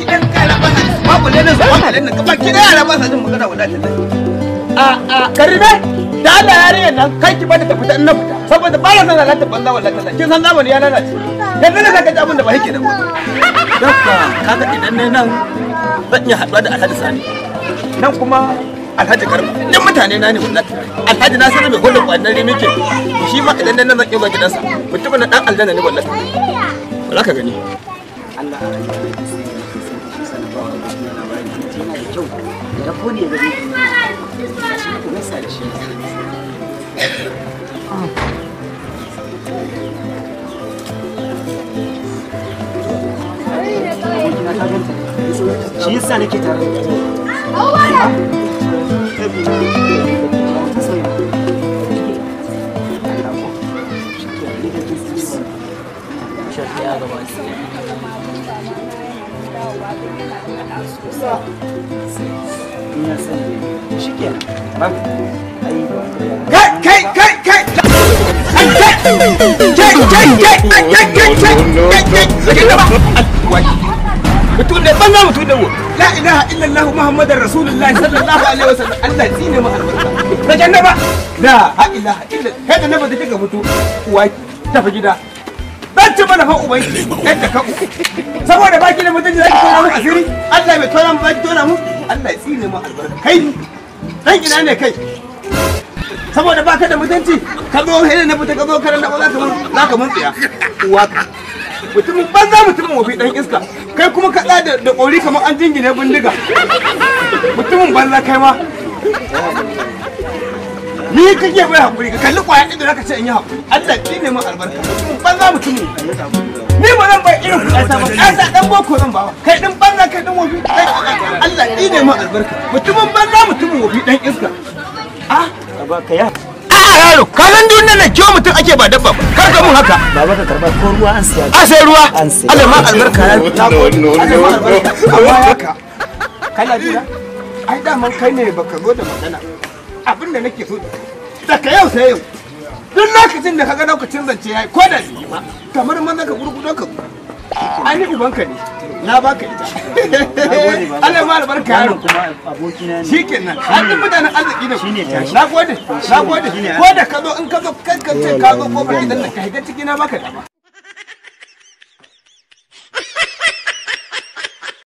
baki ɗan kara basa babu lenin sa babu lenin ka baki ɗan yara basa magana wadatar da a a karime da Allah yarinyar nan kai ki bada ta fita na fita saboda ba na sanar ta banza wallahi ta kin san zamani ya lalace yanzu ne ka ji abin da ba yake nan ba dakka kaga idan ne nan zan iya haɗuwa da Alhaji Sani nan kuma Alhaji Garba duk mutane na ne wallahi Alhaji na sanar mai hulun wannan ne muke shi ma idan nan zan iya gidansa mutumin na dan aljanna ne wallahi wallahi ka gani Allah ji yana da kyau ya da ni ku gaisa da shi shi yasa nake tare da mutum da banza mutum da wo la ilaha illallah muhammadar rasulullahi sallallahu alaihi wasallam Allah tsine mu da jannaba la ilaha kai da da kika tafi gida zan ci mana fa yadda ka ku saboda baki da mutunci zaki tona mu asiri Allah bai tona mu baki tona mu Allah ya tsine mu albarka kai dan ina ne kai saboda baka da mutunci ka zo hele na fita ka zo karan da ba zaka mun zaka mun tsaya uwa mutumin banza mutumin wafi dan iska kai kuma ka da da kori kamar an jingine bindiga mutumin banza kai ma ni ka ke bai hakuri ka kalli kwaya inda zaka ce in yi hakuri Allah ki ne mu albarka banza mutum ne ni ba zan bai irin kuɗata ba ƙasa dan boko zan bawa kai din banza kai din wofi Allah ki ne mu albarka mutumin banza mutumin wofi dan iska ah ba ka ya yaro ka san duk nan kiwo mutum ake ba dabba ba kar ka mun haka baba ka karba ko ruwa an siya a sai ruwa Allah ma albarka ya amma haka kana jira ai da man kai ne baka zo da magana abin da nake so daga yau sai yau duk lokacin da kaga lokacin zance yayi ko da ni ma kamar man zaka gurgudo ka ani ubanka ne na baka ita Allah ya albarka yaro kuma abokina ne shikenan har duk mutanen arziki ne shine tashi na gode na gode ko da ka zo in ka zo kai ka ce ka zo ko ba idan ka hidda ciki na baka dama